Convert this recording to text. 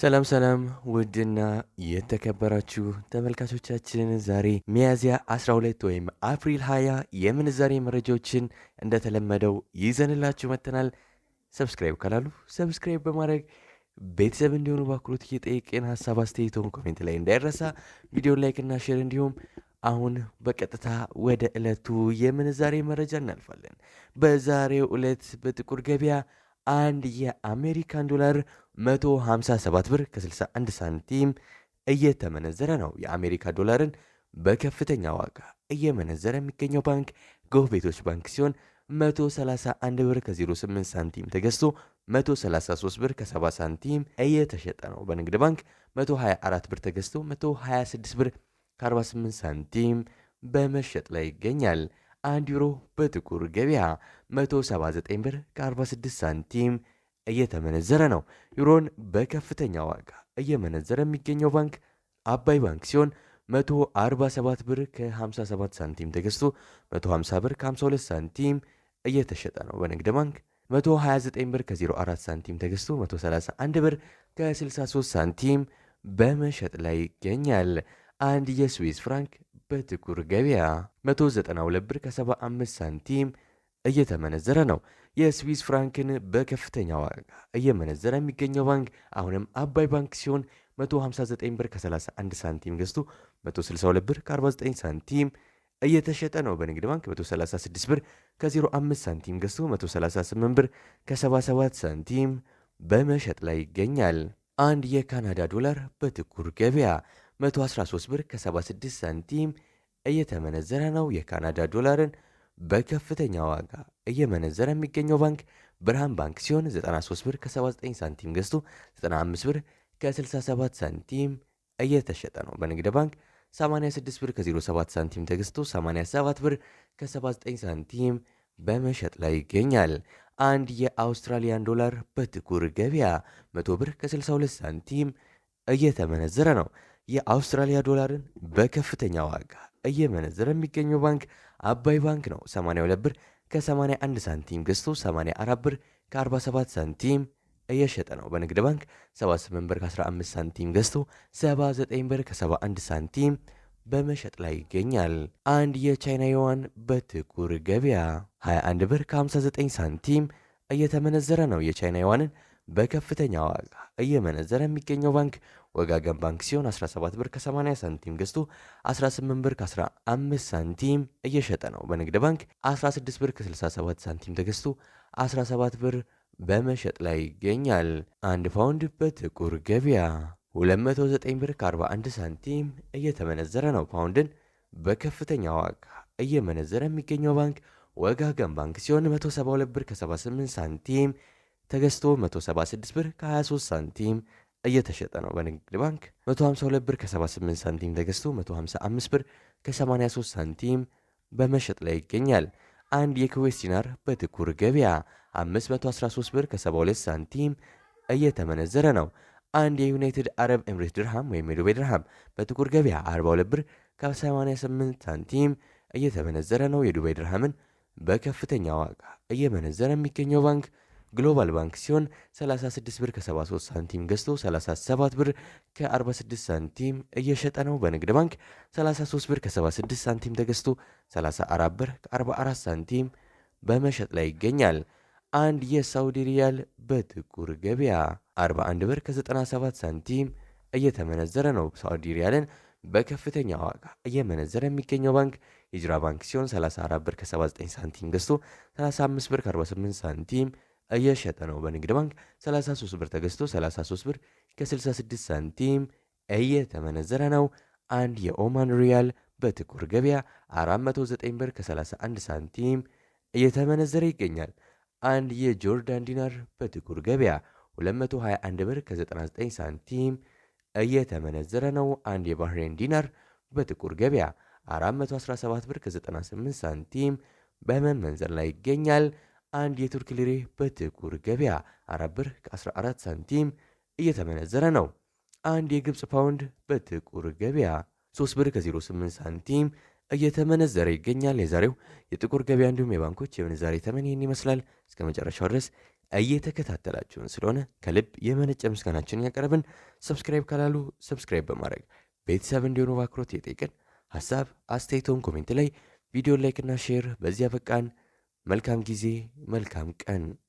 ሰላም ሰላም ውድና የተከበራችሁ ተመልካቾቻችን ዛሬ ሚያዝያ 12 ወይም አፕሪል 20 የምንዛሬ መረጃዎችን እንደተለመደው ይዘንላችሁ መጥተናል። ሰብስክራይብ ካላሉ ሰብስክራይብ በማድረግ ቤተሰብ እንዲሆኑ በአክብሮት እየጠየቅን ሀሳብ አስተያየቶን ኮሜንት ላይ እንዳይረሳ፣ ቪዲዮን ላይክና ሼር እንዲሁም አሁን በቀጥታ ወደ ዕለቱ የምንዛሬ መረጃ እናልፋለን። በዛሬው ዕለት በጥቁር ገበያ አንድ የአሜሪካን ዶላር 157 ብር ከ61 ሳንቲም እየተመነዘረ ነው። የአሜሪካ ዶላርን በከፍተኛ ዋጋ እየመነዘረ የሚገኘው ባንክ ጎህ ቤቶች ባንክ ሲሆን 131 ብር ከ08 ሳንቲም ተገዝቶ 133 ብር ከ70 ሳንቲም እየተሸጠ ነው። በንግድ ባንክ 124 ብር ተገዝቶ 126 ብር ከ48 ሳንቲም በመሸጥ ላይ ይገኛል። አንድ ዩሮ በጥቁር ገበያ 179 ብር ከ46 ሳንቲም እየተመነዘረ ነው። ዩሮን በከፍተኛ ዋጋ እየመነዘረ የሚገኘው ባንክ አባይ ባንክ ሲሆን 147 ብር ከ57 ሳንቲም ተገዝቶ 150 ብር ከ52 ሳንቲም እየተሸጠ ነው። በንግድ ባንክ 129 ብር ከ04 ሳንቲም ተገዝቶ 131 ብር ከ63 ሳንቲም በመሸጥ ላይ ይገኛል። አንድ የስዊስ ፍራንክ በጥቁር ገበያ 192 ብር ከ75 ሳንቲም እየተመነዘረ ነው። የስዊስ ፍራንክን በከፍተኛ ዋጋ እየመነዘረ የሚገኘው ባንክ አሁንም አባይ ባንክ ሲሆን 159 ብር ከ31 ሳንቲም ገዝቶ 162 ብር ከ49 ሳንቲም እየተሸጠ ነው። በንግድ ባንክ 136 ብር ከ05 ሳንቲም ገዝቶ 138 ብር ከ77 ሳንቲም በመሸጥ ላይ ይገኛል። አንድ የካናዳ ዶላር በጥቁር ገበያ 113 ብር ከ76 ሳንቲም እየተመነዘረ ነው። የካናዳ ዶላርን በከፍተኛ ዋጋ እየመነዘረ የሚገኘው ባንክ ብርሃን ባንክ ሲሆን 93 ብር ከ79 ሳንቲም ገዝቶ 95 ብር ከ67 ሳንቲም እየተሸጠ ነው። በንግድ ባንክ 86 ብር ከ07 ሳንቲም ተገዝቶ 87 ብር ከ79 ሳንቲም በመሸጥ ላይ ይገኛል። አንድ የአውስትራሊያን ዶላር በጥቁር ገበያ 100 ብር ከ62 ሳንቲም እየተመነዘረ ነው። የአውስትራሊያ ዶላርን በከፍተኛ ዋጋ እየመነዘረ የሚገኘው ባንክ አባይ ባንክ ነው። 82 ብር ከ81 ሳንቲም ገዝቶ 84 ብር ከ47 ሳንቲም እየሸጠ ነው። በንግድ ባንክ 78 ብር ከ15 ሳንቲም ገዝቶ 79 ብር ከ71 ሳንቲም በመሸጥ ላይ ይገኛል። አንድ የቻይና ዩዋን በጥቁር ገበያ 21 ብር ከ59 ሳንቲም እየተመነዘረ ነው። የቻይና ዩዋንን በከፍተኛ ዋጋ እየመነዘረ የሚገኘው ባንክ ወጋገን ባንክ ሲሆን 17 ብር ከ80 ሳንቲም ገዝቶ 18 ብር ከ15 ሳንቲም እየሸጠ ነው። በንግድ ባንክ 16 ብር ከ67 ሳንቲም ተገዝቶ 17 ብር በመሸጥ ላይ ይገኛል። አንድ ፓውንድ በጥቁር ገበያ 209 ብር ከ41 ሳንቲም እየተመነዘረ ነው። ፓውንድን በከፍተኛ ዋጋ እየመነዘረ የሚገኘው ባንክ ወጋገን ባንክ ሲሆን 172 ብር ከ78 ሳንቲም ተገዝቶ 176 ብር ከ23 ሳንቲም እየተሸጠ ነው። በንግድ ባንክ 152 ብር ከ78 ሳንቲም ተገዝቶ 155 ብር ከ83 ሳንቲም በመሸጥ ላይ ይገኛል። አንድ የኩዌት ዲናር በጥቁር ገበያ 513 ብር ከ72 ሳንቲም እየተመነዘረ ነው። አንድ የዩናይትድ አረብ ኤምሬት ድርሃም ወይም የዱቤ ድርሃም በጥቁር ገበያ 42 ብር ከ88 ሳንቲም እየተመነዘረ ነው። የዱባይ ድርሃምን በከፍተኛ ዋጋ እየመነዘረ የሚገኘው ባንክ ግሎባል ባንክ ሲሆን 36 ብር ከ73 ሳንቲም ገዝቶ 37 ብር ከ46 ሳንቲም እየሸጠ ነው። በንግድ ባንክ 33 ብር ከ76 ሳንቲም ተገዝቶ 34 ብር ከ44 ሳንቲም በመሸጥ ላይ ይገኛል። አንድ የሳውዲ ሪያል በጥቁር ገበያ 41 ብር ከ97 ሳንቲም እየተመነዘረ ነው። ሳውዲ ሪያልን በከፍተኛ ዋጋ እየመነዘረ የሚገኘው ባንክ ሂጅራ ባንክ ሲሆን 34 ብር ከ79 ሳንቲም ገዝቶ 35 ብር ከ48 ሳንቲም እየሸጠ ነው። በንግድ ባንክ 33 ብር ተገዝቶ 33 ብር ከ66 ሳንቲም እየተመነዘረ ነው። አንድ የኦማን ሪያል በጥቁር ገበያ 409 ብር ከ31 ሳንቲም እየተመነዘረ ይገኛል። አንድ የጆርዳን ዲናር በጥቁር ገበያ 221 ብር ከ99 ሳንቲም እየተመነዘረ ነው። አንድ የባህሬን ዲናር በጥቁር ገበያ 417 ብር ከ98 ሳንቲም በመመንዘር ላይ ይገኛል። አንድ የቱርክ ሊሬ በጥቁር ገበያ 4 ብር ከ14 ሳንቲም እየተመነዘረ ነው። አንድ የግብፅ ፓውንድ በጥቁር ገበያ 3 ብር ከ08 ሳንቲም እየተመነዘረ ይገኛል። የዛሬው የጥቁር ገበያ እንዲሁም የባንኮች የምንዛሬ ተመን ይህን ይመስላል። እስከ መጨረሻው ድረስ እየተከታተላችሁን ስለሆነ ከልብ የመነጨ ምስጋናችን ያቀረብን። ሰብስክራይብ ካላሉ ሰብስክራይብ በማድረግ ቤተሰብ እንዲሆኑ ባክሮት የጠየቅን ሀሳብ አስተያየቶን ኮሜንት ላይ ቪዲዮ ላይክና ሼር በዚያ በቃን። ملكام جيزي ملكام كأن